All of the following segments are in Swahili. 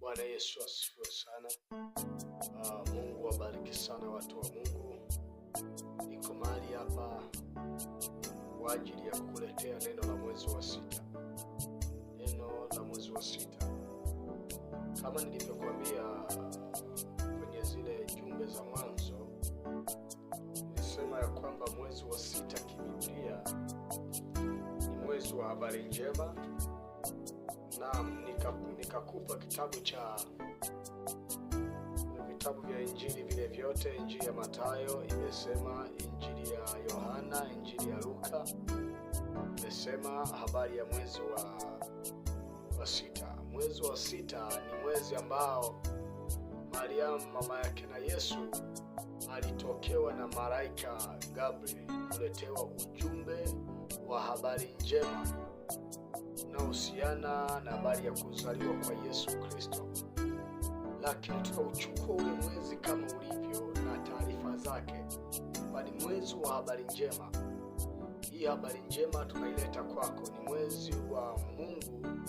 Bwana Yesu asifiwe sana. Uh, Mungu wabariki sana watu wa Mungu. Niko mahali hapa kwa ajili ya kukuletea neno la mwezi wa sita, neno la mwezi wa sita. Kama nilivyokuambia kwenye zile jumbe za mwanzo, nilisema ya kwamba mwezi wa sita kibiblia ni mwezi wa habari njema Naam, nikakupa kitabu cha vitabu vya injili vile vyote, injili ya Mathayo imesema, injili ya Yohana, injili ya Luka imesema habari ya mwezi wa, wa sita. Mwezi wa sita ni mwezi ambao Mariamu mama yake na Yesu alitokewa na malaika Gabriel kuletewa ujumbe wa habari njema unaohusiana na habari ya kuzaliwa kwa Yesu Kristo, lakini tukauchukua ule mwezi kama ulivyo na taarifa zake, bali mwezi wa habari njema. Hii habari njema tunaileta kwako, ni mwezi wa Mungu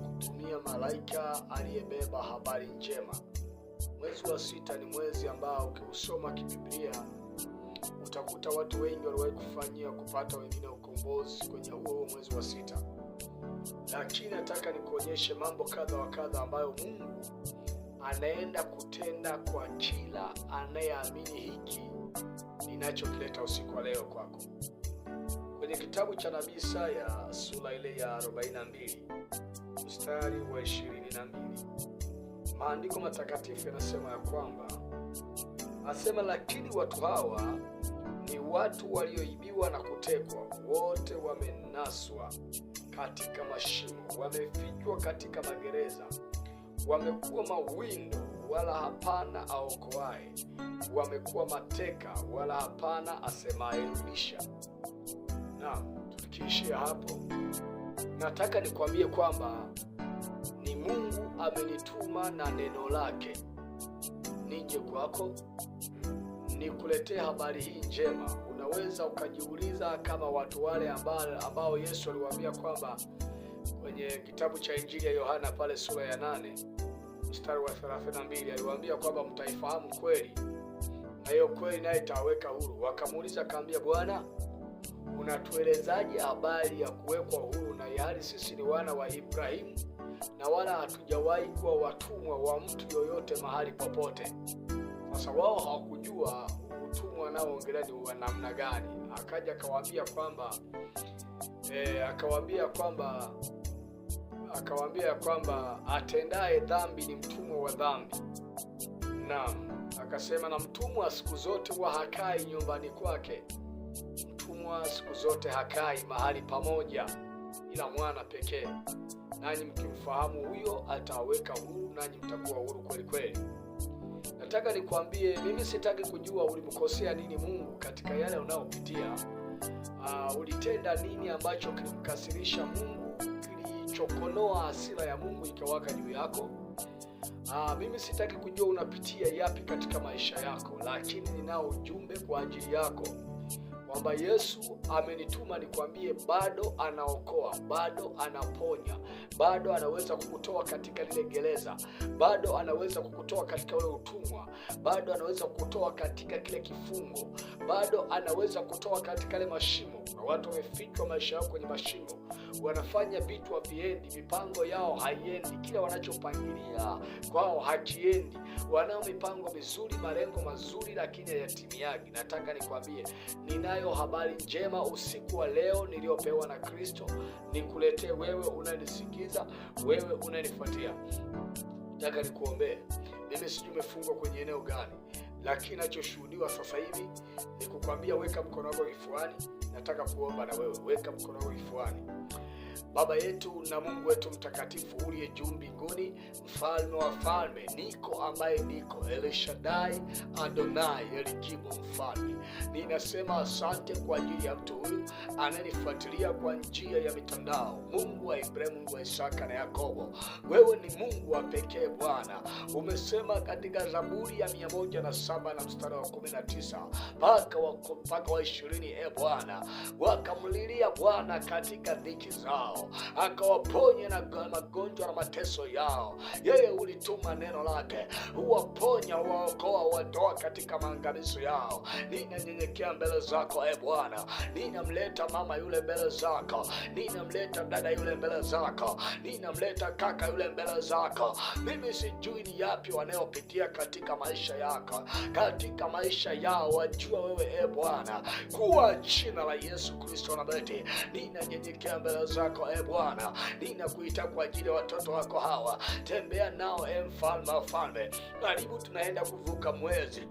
ukutumia malaika aliyebeba habari njema. Mwezi wa sita ni mwezi ambao ukiusoma kibiblia utakuta watu wengi waliwahi kufanyia kupata wengine ukombozi kwenye huo mwezi wa sita lakini nataka nikuonyeshe mambo kadha wa kadha ambayo Mungu anaenda kutenda kwa kila anayeamini hiki ninachokileta usiku wa leo kwako. Kwenye kitabu cha nabii Isaya sura ile ya 42 mstari wa 22, maandiko matakatifu yanasema ya kwamba, asema lakini watu hawa ni watu walioibiwa na kutekwa, wote wamenaswa katika mashimo, wamefichwa katika magereza, wamekuwa mawindo, wala hapana aokoaye, wamekuwa mateka, wala hapana asemaye rudisha. Na tukiishia hapo, nataka nikwambie kwamba ni Mungu amenituma na neno lake nije kwako nikuletee habari hii njema. Unaweza ukajiuliza kama watu wale ambao Yesu aliwaambia kwamba kwenye kitabu cha Injili ya Yohana pale sura ya nane mstari wa 32 aliwaambia kwamba mtaifahamu kweli na hiyo kweli naye itawaweka huru. Wakamuuliza akaambia, Bwana, unatuelezaje habari ya kuwekwa huru na yali sisi ni wana wa Ibrahimu na wala hatujawahi kuwa watumwa wa mtu yoyote mahali popote? Sasa wao hawakujua utumwa anaoongelea ni wa namna gani. Akaja akawaambia kwamba e, akawaambia kwamba akawaambia kwamba atendaye dhambi ni mtumwa wa dhambi. Naam, akasema na mtumwa siku zote huwa hakai nyumbani kwake. Mtumwa siku zote hakai mahali pamoja, ila mwana pekee. Nanyi mkimfahamu huyo ataweka huru, nanyi mtakuwa huru kweli kweli nataka nikwambie, mimi sitaki kujua ulimkosea nini Mungu katika yale unayopitia. Uh, ulitenda nini ambacho kilimkasirisha Mungu, kilichokonoa hasira ya Mungu ikawaka juu yako? Uh, mimi sitaki kujua unapitia yapi katika maisha yako, lakini ninao ujumbe kwa ajili yako kwamba Yesu amenituma nikwambie, bado anaokoa, bado anaponya, bado anaweza kukutoa katika lile gereza, bado anaweza kukutoa katika ule utumwa, bado anaweza kukutoa katika kile kifungo, bado anaweza kutoa katika ile mashimo. Na watu wamefichwa maisha yao kwenye mashimo, wanafanya vitu haviendi, mipango yao haiendi, kila wanachopangilia kwao hakiendi. Wanao mipango mizuri, malengo mazuri, lakini hayatimiagi. Nataka nikwambie, ninayo habari njema usiku wa leo niliyopewa na Kristo nikuletee wewe unanisikiza, wewe unanifuatia. Nataka nikuombee. Mimi sijui umefungwa kwenye eneo gani, lakini nachoshuhudiwa sasa hivi ni kukwambia, weka mkono wako kifuani. Nataka kuomba na wewe, weka mkono wako kifuani. Baba yetu na Mungu wetu mtakatifu, uliye juu mbinguni, mfalme wa falme, niko ambaye niko, elshadai Adonai Elikimu, mfalme Ninasema asante kwa ajili ya mtu huyu anayenifuatilia kwa njia ya mitandao. Mungu wa Ibrahimu, Mungu wa Isaka na Yakobo, wewe ni Mungu wa pekee. Bwana umesema katika Zaburi ya mia moja na saba na mstari wa kumi na tisa mpaka wa ishirini e Bwana, wakamlilia Bwana katika dhiki zao, akawaponya na magonjwa na mateso yao. Yeye ulituma neno lake, huwaponya, huwaokoa, watoa katika maangamizo yao Nina ninanyenyekea mbele zako e Bwana, ninamleta mama yule mbele zako, ninamleta dada yule mbele zako, ninamleta kaka yule mbele zako. Mimi sijui ni yapi wanayopitia katika maisha yako, katika maisha yao, wajua wewe e Bwana. kuwa jina la Yesu Kristo nabeti ninanyenyekea mbele zako e Bwana, ninakuita kwa ajili ya watoto wako hawa, tembea nao e mfalme wafalme Karibu tunaenda kuvuka mwezi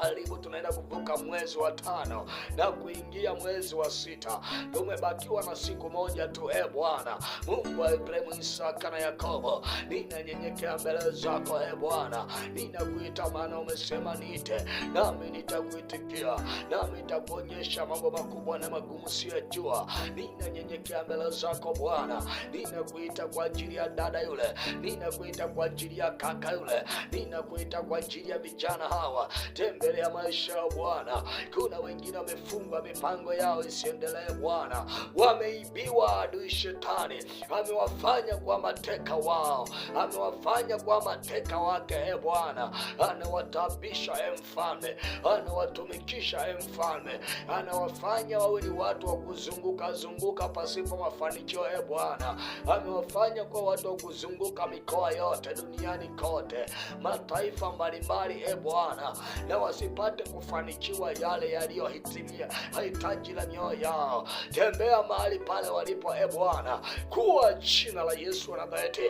karibu tunaenda kuvuka mwezi wa tano na kuingia mwezi wa sita. Tumebakiwa na siku moja tu. E Bwana Mungu wa Ibrahimu, Isaka na Yakobo, ninanyenyekea mbele zako. E Bwana, ninakuita maana umesema niite, nami nitakuitikia, nami nitakuonyesha mambo makubwa na magumu siyajua. Ninanyenyekea mbele zako Bwana, ninakuita kwa ajili ya dada yule, ninakuita kwa ajili ya kaka yule, ninakuita kwa ajili ya vijana hawa Tem mbele ya maisha ya Bwana. Kuna wengine wamefungwa mipango yao isiendelee Bwana, wameibiwa adui shetani, amewafanya kwa mateka wao, amewafanya kwa mateka wake. E Bwana, anawatabisha e Mfalme, anawatumikisha e Mfalme, anawafanya wawe ni watu wa kuzunguka zunguka pasipo mafanikio. E Bwana, amewafanya kwa watu wa kuzunguka mikoa yote duniani kote, mataifa mbalimbali. E Bwana, na wasipate kufanikiwa yale yaliyohitimia hitaji la mioyo yao. Tembea mahali pale walipo, e Bwana, kuwa jina la Yesu Nazareti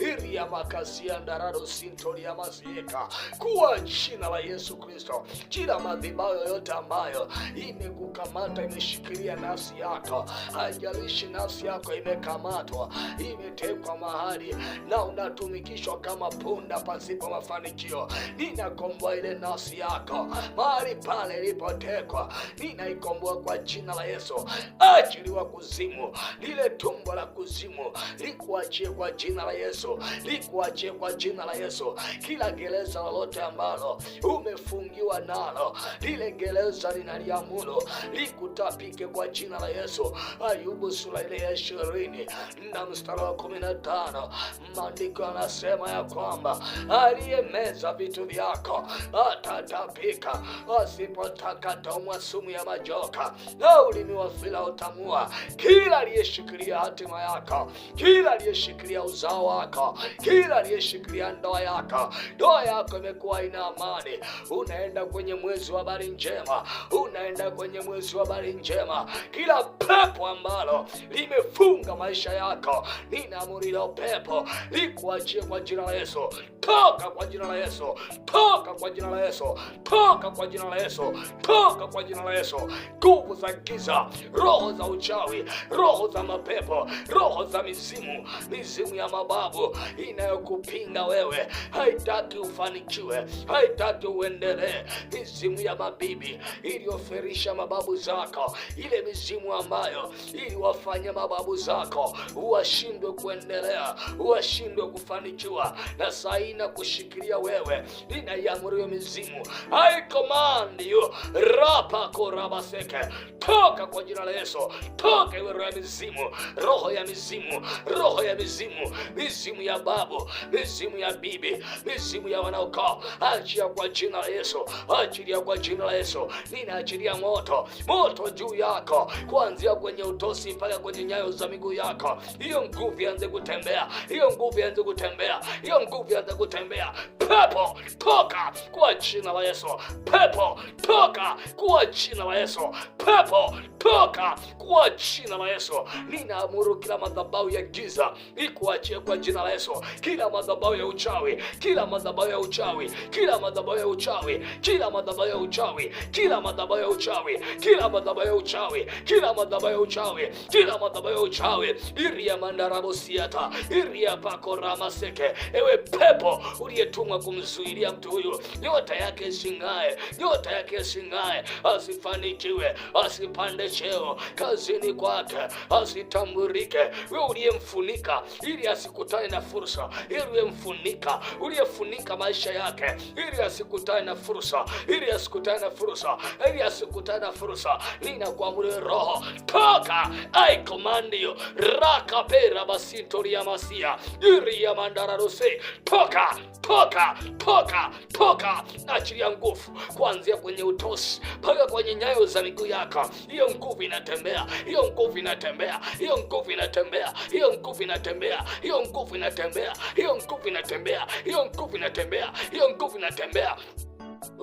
ya iriamakaziandaradosintoliamazieta kuwa jina la Yesu Kristo, kila madhibao yoyote ambayo imekukamata imeshikilia nafsi yako, haijalishi nafsi yako imekamatwa imetekwa mahali na unatumikishwa kama punda pasipo mafanikio. Ninakomboa ile nafsi yako mahali pale ilipotekwa, ninaikomboa kwa jina la Yesu. Achiliwa kuzimu, lile tumbo la kuzimu likuachie kwa jina la Yesu, likuachie kwa jina la Yesu. Kila gereza lolote ambalo umefungiwa nalo, lile gereza linaliamuru likutapike kwa jina la Yesu. Ayubu sura ile ya ishirini na mstari wa kumi na tano maandiko yanasema ya kwamba aliyemeza vitu vyako atatapika, asipotaka tomwa sumu ya majoka na ulimi wa fila utamua. Kila aliyeshikilia hatima yako, kila aliyeshikilia uzao wako, kila aliyeshikilia ndoa yako, ndoa yako imekuwa ina amani. Unaenda kwenye mwezi wa habari njema, unaenda kwenye mwezi wa habari njema. Kila pepo ambalo limefunga maisha yako, ninaamuri leo pepo likuachie kwa jina 返そう。toka kwa jina la Yesu, toka kwa jina la Yesu, toka kwa jina la Yesu, toka kwa jina la Yesu. Nguvu za giza, roho za uchawi, roho za mapepo, roho za mizimu, mizimu ya mababu inayokupinga wewe, haitaki ufanikiwe, haitaki uendelee, mizimu ya mabibi iliyoferisha mababu zako, ile mizimu ambayo iliwafanya mababu zako washindwe kuendelea, washindwe kufanikiwa na sahi linakushikilia wewe, linaiamuru hiyo mizimu. I command you rapa korabaseke, toka kwa jina la Yesu, toka iwe roho ya mizimu, roho ya mizimu, roho ya mizimu, mizimu ya babu, mizimu ya bibi, mizimu ya wanaokaa, achia kwa jina la Yesu, achilia kwa jina la Yesu, ninaachilia moto, moto juu yako, kuanzia kwenye utosi mpaka kwenye nyayo za miguu yako. Hiyo nguvu ianze kutembea, hiyo nguvu ianze kutembea, hiyo nguvu ianze kutembea. Pepo toka kwa jina la Yesu, pepo toka kwa jina la Yesu, pepo toka kwa jina la Yesu. Ninaamuru kila madhabahu ya giza ikuachie kwa jina la Yesu, kila madhabahu ya uchawi, kila madhabahu ya uchawi, kila madhabahu ya uchawi, kila madhabahu ya uchawi, kila madhabahu ya uchawi, kila madhabahu ya uchawi, kila madhabahu ya uchawi, kila madhabahu ya uchawi, iria mandarabosiata iria pako ramaseke, ewe pepo uliyetumwa kumzuilia mtu huyu, nyota yake sing'ae nyota yake singae asifanikiwe, asipande cheo kazini kwake, asitambulike. Wewe uliyemfunika ili asikutane na fursa, ili uliyemfunika, uliyefunika maisha yake ili asikutane na fursa, ili asikutane na fursa, ili asikutane na fursa, ninakuamuru roho toka, I command you rakapera basintoria masia iri ya mandararose toka toka toka toka toka, achilia nguvu kuanzia kwenye utosi mpaka kwenye nyayo za miguu yako. Hiyo nguvu inatembea, hiyo nguvu inatembea, hiyo nguvu inatembea, hiyo nguvu inatembea, hiyo nguvu inatembea, hiyo nguvu inatembea, hiyo nguvu inatembea, hiyo nguvu inatembea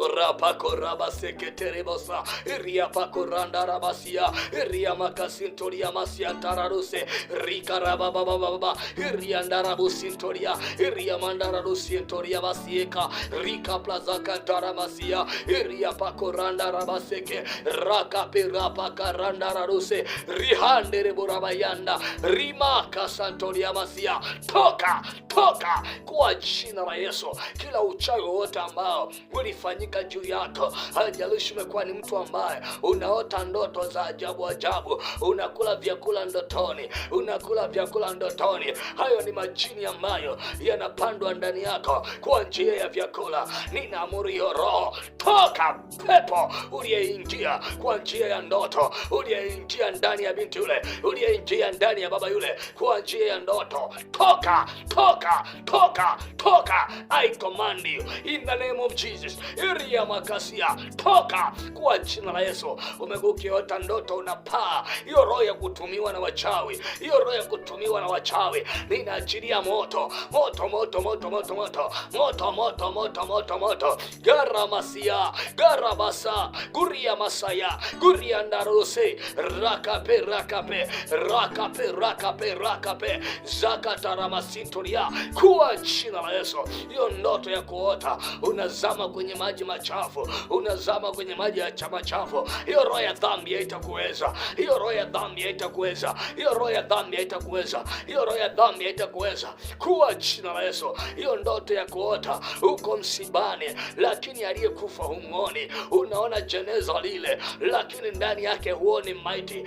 rapako rabaseketerebosa riapakoranda rabasia riamakasintoria masiantararuse rikarababababa riandarabusintoria riamandararusintoria basieka rikaplazakantarabasia riapakoranda rabaseke rakaperapakarandararuce rihandereboravaiyanda rimakasantoliamasia toka toka kwa jina la Yesu kila uchawi wowote ambao ulifanyika zinafanyika juu yako. Haijalishi umekuwa ni mtu ambaye unaota ndoto za ajabu ajabu, unakula vyakula ndotoni, unakula vyakula ndotoni. Hayo ni majini ambayo yanapandwa ndani yako kwa njia ya vyakula. Ninaamuru hiyo roho, toka pepo uliyeingia kwa njia ya ndoto, uliyeingia ndani ya binti yule, uliyeingia ndani ya baba yule kwa njia ya ndoto, toka toka toka toka! I command you in the name of Jesus. Siria makasia, toka kwa jina la Yesu. Umegukiota ndoto unapaa, hiyo roho ya kutumiwa na wachawi, hiyo roho ya kutumiwa na wachawi, ninaachilia moto moto moto moto moto moto moto moto moto moto moto garamasia garamasa guria masaya guria ndarusi rakape rakape rakape rakape rakape zakataramasituria, kwa jina la Yesu, hiyo ndoto ya kuota unazama kwenye maji maji machafu, unazama kwenye maji ya chama chafu. Hiyo roho ya dhambi haitakuweza, hiyo roho ya dhambi haitakuweza, hiyo roho ya dhambi haitakuweza, hiyo roho ya dhambi haitakuweza. Kuwa jina la Yesu. Hiyo ndoto ya kuota uko msibani, lakini aliyekufa humwoni. Unaona jeneza lile, lakini ndani yake huoni maiti.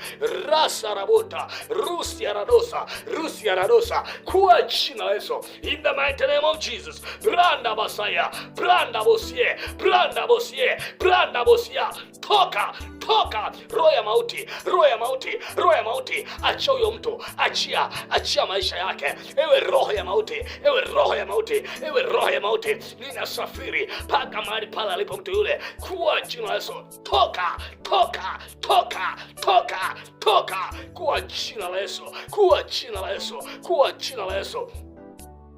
rasa rabota rusia radosa rusia radosa. Kuwa jina la Yesu, in the mighty name of Jesus branda basaya branda bosie Branda bosie, branda bosia, toka toka, roho ya mauti, roho ya mauti, roho ya mauti, achia huyo mtu, achia, achia maisha yake. Ewe roho ya mauti, ewe roho ya mauti, ewe roho ya mauti, ninasafiri paka mahali pale alipo mtu yule, kuwa jina la Yesu, toka, toka, toka, toka, toka, kuwa jina la Yesu, kuwa jina la Yesu, kuwa jina la Yesu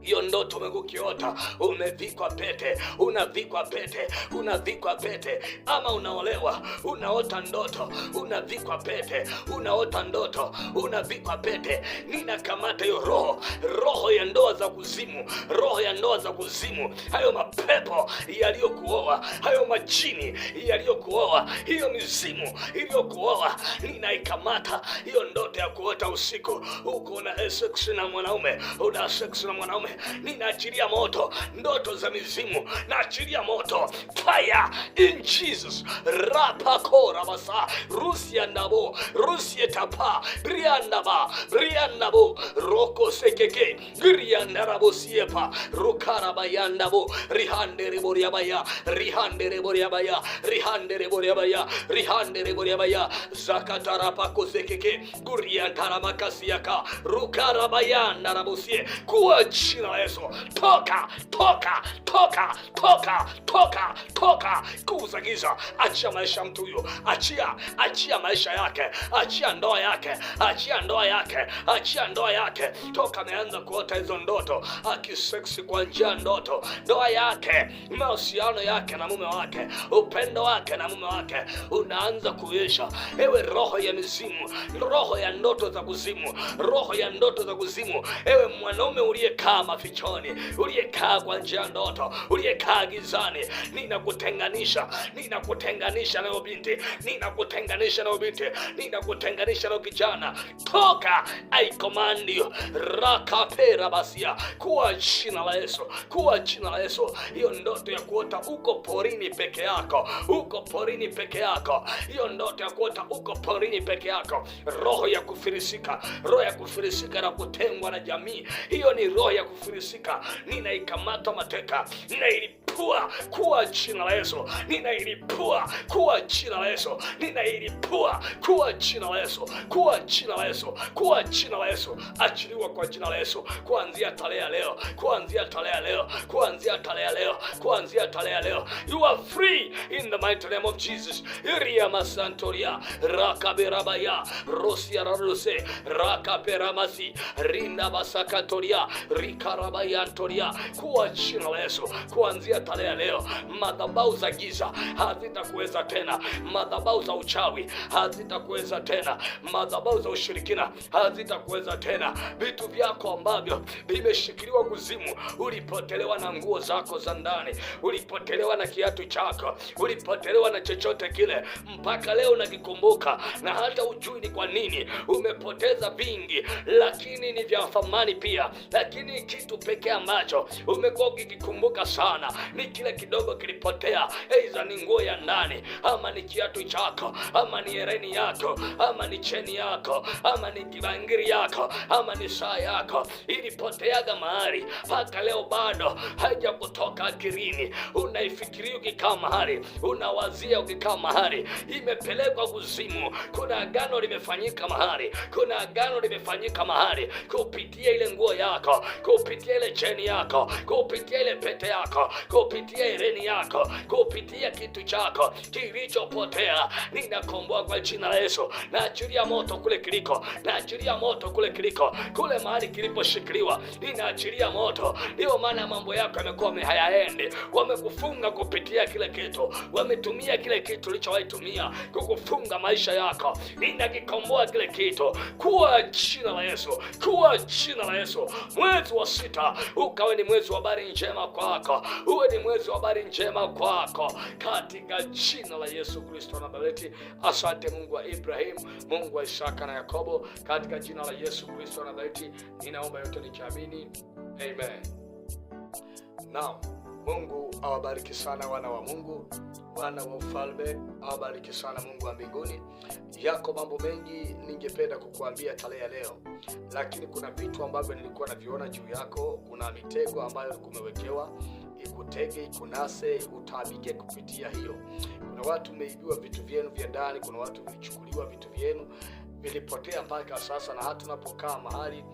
hiyo ndoto umekukiota, umevikwa pete, unavikwa pete, unavikwa pete, ama unaolewa, unaota ndoto, unavikwa pete, unaota ndoto, unavikwa pete. Ninakamata hiyo roho, roho ya ndoa za kuzimu, roho ya ndoa za kuzimu, hayo mapepo yaliyokuoa, hayo majini yaliyokuoa, hiyo mizimu iliyokuoa, ninaikamata hiyo ndoto ya kuota usiku, huko na sex na mwanaume, una sex na mwanaume ninaachilia moto ndoto za mizimu, naachilia moto fire in Jesus rapakorabasa rusiandabo rusietapa riandaba riandabo rokosekeke riandarabosiepa rukarabayandabo rihandereboriabaya rihandereboriabaya rihandereboriabaya rihandereboriabaya zakatarapakosekeke guriantaramakasiaka sie kuachi jina la Yesu, toka toka toka toka toka toka, nguvu za giza, achia maisha ya mtu huyo, achia achia maisha yake, achia ndoa yake, achia ndoa yake, achia ndoa yake. Toka ameanza kuota hizo ndoto, akiseksi kwa njia ndoto, ndoa yake, mahusiano yake na mume wake, upendo wake na mume wake unaanza kuisha. Ewe roho ya mizimu, roho ya ndoto za kuzimu, roho ya ndoto za kuzimu, ewe mwanaume uliye kama mafichoni, uliyekaa kwa njia ya ndoto, uliyekaa gizani, ninakutenganisha, ninakutenganisha leo binti, ninakutenganisha leo binti, ninakutenganisha leo kijana. Toka, I command you, rakapera basia, kuwa jina la Yesu, kuwa jina la Yesu. Hiyo ndoto ya kuota uko porini peke yako, uko porini peke yako, hiyo ndoto ya kuota uko porini peke yako, roho ya kufirisika, roho ya kufirisika na kutengwa na jamii, hiyo ni roho ya kufirisika kufilisika, ninaikamata mateka, ninaili ninailipua kuwa jina la Yesu, ninailipua kuwa jina la Yesu, ninailipua kuwa jina la Yesu, kuwa jina la Yesu, kuwa jina la Yesu. Achiliwa kwa jina la Yesu kuanzia tarehe ya leo, kuanzia tarehe ya leo, kuanzia tarehe ya leo, kuanzia tarehe ya leo. You are free in the mighty name of Jesus. Iria masantoria rakaberabaya rosia raruse rakaperamasi rinda basakatoria rikarabayantoria kuwa jina la Yesu kuanzia tarehe ya leo, madhabahu za giza hazitakuweza tena, madhabahu za uchawi hazitakuweza tena, madhabahu za ushirikina hazitakuweza tena. Vitu vyako ambavyo vimeshikiliwa kuzimu, ulipotelewa na nguo zako za ndani, ulipotelewa na kiatu chako, ulipotelewa na chochote kile, mpaka leo unakikumbuka na hata ujui ni kwa nini. Umepoteza vingi, lakini ni vya thamani pia, lakini kitu pekee ambacho umekuwa ukikikumbuka sana ni kile kidogo kilipotea, aidha ni nguo ya ndani, ama ni kiatu chako, ama ni hereni yako, ama ni cheni yako, ama ni kibangiri yako, ama ni saa yako, ilipoteaga mahali mpaka leo bado haijakutoka akilini. Unaifikiria ukikaa mahali, unawazia ukikaa mahali, imepelekwa kuzimu. Kuna agano limefanyika mahali, kuna agano limefanyika mahali, kupitia ile nguo yako, kupitia ile cheni yako, kupitia ile pete yako, kupitia kupitia ireni yako, kupitia kitu chako kilichopotea. Ninakomboa kwa jina la Yesu, naachilia moto kule kiliko, naachilia moto kule kiliko, kule mahali kiliposhikiliwa, ninaachilia moto. Ndiyo maana mambo yako yamekuwa hayaendi, wamekufunga kupitia kile kitu, wametumia kile kitu ulichowaitumia kukufunga maisha yako. Ninakikomboa kile kitu kuwa jina la Yesu, kuwa jina la Yesu. Mwezi wa sita ukawe ni mwezi wa habari njema kwako, uwe ni mwezi wa habari njema kwako, katika jina la Yesu Kristo Nazareti. Asante Mungu wa Ibrahimu, Mungu wa Isaka na Yakobo, katika jina la Yesu Kristo Nazareti ninaomba yote nikiamini, amen. Now, Mungu awabariki sana wana wa Mungu, wana wa ufalme awabariki sana Mungu wa mbinguni. Yako mambo mengi ningependa kukuambia tarehe ya leo, lakini kuna vitu ambavyo nilikuwa naviona juu yako. Kuna mitego ambayo kumewekewa ikutege, ikunase, ikutabike kupitia hiyo. Kuna watu mmeibiwa vitu vyenu vya ndani, kuna watu vilichukuliwa vitu vyenu, vilipotea mpaka sasa, na hata napokaa mahali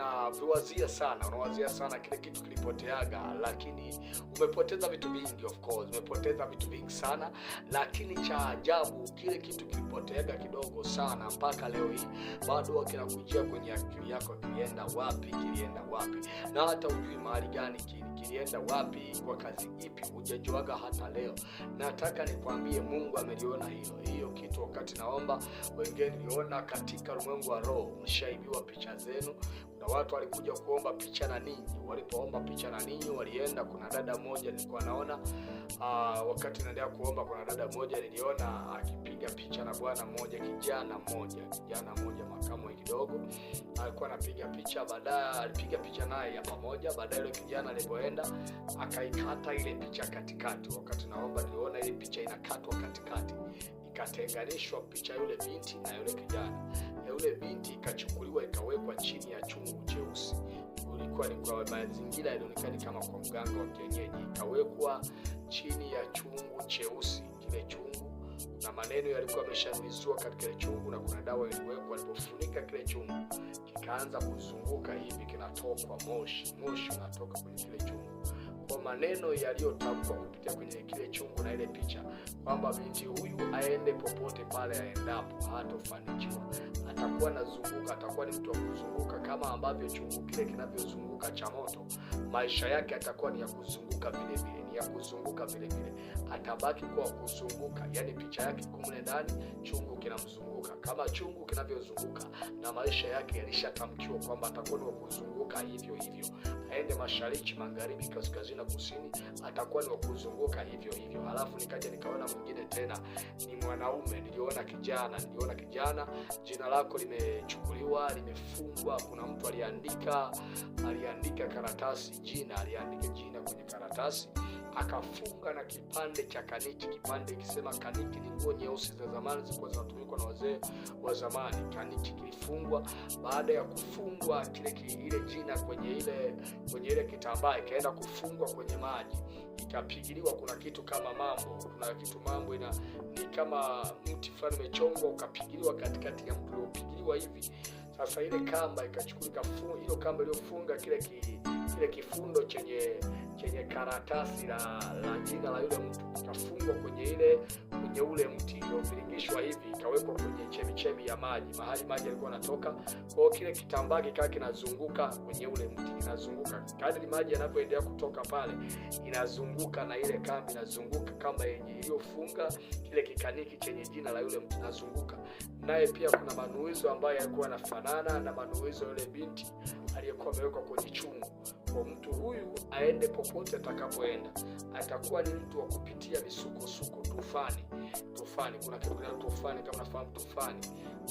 unaviwazia sana, unawazia sana kile kitu kilipoteaga, lakini umepoteza vitu vingi. Of course umepoteza vitu vingi sana, lakini cha ajabu kile kitu kilipoteaga kidogo sana, mpaka leo hii bado kinakujia kwenye akili yako, kilienda wapi? Kilienda wapi? Na hata ujui mahali gani kili kilienda wapi, kwa kazi ipi, hujajuaga hata leo. Nataka nikwambie Mungu ameliona hilo hiyo kitu. Wakati naomba wengine niliona katika ulimwengu wa roho, mshaibiwa picha zenu na watu walikuja kuomba picha na ninyi. Walipoomba picha na ninyi walienda, kuna dada mmoja nilikuwa naona aa, ah, wakati naendelea kuomba, kuna dada mmoja niliona akipiga picha na bwana mmoja, kijana mmoja, kijana mmoja makamwe kidogo, alikuwa anapiga picha, baadaye alipiga picha naye ya pamoja. Baadaye yule kijana alipoenda akaikata ile picha katikati, wakati naomba niliona ile picha inakatwa katikati, ikatenganishwa picha yule binti na yule kijana na yule binti ikachukuliwa ikawekwa chini ya chungu cheusi. Ulikuwa ni kwa mazingira yalionekana kama kwa mganga wa kienyeji, ikawekwa chini ya chungu cheusi kile chungu na maneno yalikuwa yameshanizwa katika ile chungu na kuna dawa iliwekwa. Alipofunika kile chungu kikaanza kuzunguka hivi, kinatoka moshi, moshi unatoka kwenye kile chungu kwa maneno yaliyotamkwa kupitia kwenye kile chungu na ile picha, kwamba binti huyu aende popote pale aendapo, hatofanikiwa, atakuwa nazunguka, atakuwa ni mtu wa kuzunguka, kama ambavyo chungu kile kinavyozunguka cha moto. Maisha yake atakuwa ni ya kuzunguka vile vile, ni ya kuzunguka vile vile, atabaki kwa kuzunguka, yani picha yake kumle ndani chungu kinamzunguka kuzunguka kama chungu kinavyozunguka, na maisha yake yalishatamkiwa kwamba atakuwa ni kuzunguka hivyo hivyo, aende mashariki, magharibi, kaskazini na kusini, atakuwa ni kuzunguka hivyo hivyo. Halafu nikaja nikaona mwingine tena, ni mwanaume, niliona kijana, niliona kijana, jina lako limechukuliwa, limefungwa. Kuna mtu aliandika, aliandika karatasi jina, aliandika jina kwenye karatasi akafunga na kipande cha kaniki, kipande ikisema kaniki ni nguo nyeusi za zamani zilikuwa zinatumikwa na wazee wa zamani. Kaniki kilifungwa. Baada ya kufungwa kile ile jina kwenye ile kwenye ile kitambaa, ikaenda kufungwa kwenye maji, ikapigiliwa. Kuna kitu kama mambo, kuna kitu mambo, ina ni kama mti fulani umechongwa ukapigiliwa katikati ya mtu uliopigiliwa hivi. Sasa ile kamba ikachukua, ikafunga hilo kamba iliyofunga kile ki, kile kifundo chenye chenye karatasi la la jina la yule mtu kafungwa kwenye ile kwenye ule mti iliyopilingishwa hivi ikawekwa kwenye chemichemi ya maji mahali maji yalikuwa yanatoka. Kwa kile kitambaa kikaa kinazunguka kwenye ule mti, inazunguka kadri maji yanapoendelea kutoka pale, inazunguka na ile kambi inazunguka kama yenye iliyofunga kile kikaniki chenye jina la yule mtu inazunguka naye. Pia kuna manuizo ambayo yalikuwa yanafanana na manuizo yule binti aliyekuwa amewekwa kwenye chungu kwa mtu huyu aende popote atakapoenda, atakuwa ni mtu wa kupitia misukosuko, tufani. Tufani, kuna kitu kinaitwa tufani, kama nafahamu tufani.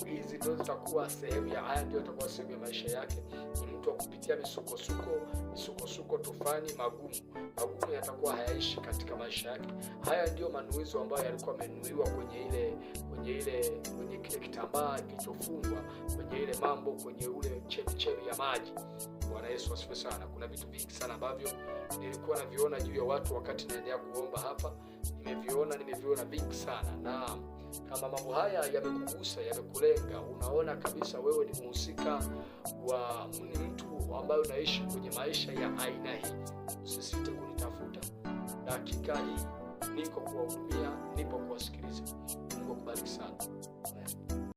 Hizi ndio zitakuwa sehemu ya haya, ndio atakuwa sehemu ya maisha yake. Ni mtu wa kupitia misukosuko, misukosuko, tufani, magumu. Magumu yatakuwa hayaishi katika maisha yake. Haya ndio manuizo ambayo yalikuwa amenuiwa kwenye ile kwenye ile kwenye kile kitambaa kilichofungwa kwenye ile mambo, kwenye ule chemichemi ya maji. Bwana Yesu asifiwe sana. Kuna vitu vingi sana ambavyo nilikuwa naviona juu ya watu wakati naendelea kuomba hapa, nimeviona nimeviona vingi sana, na kama mambo haya yamekugusa, yamekulenga, unaona kabisa wewe ni mhusika wa, ni mtu ambaye unaishi kwenye maisha ya aina hii, usisite kunitafuta dakika hii, niko kuwahudumia, nipo kuwasikiliza. Mungu akubariki sana.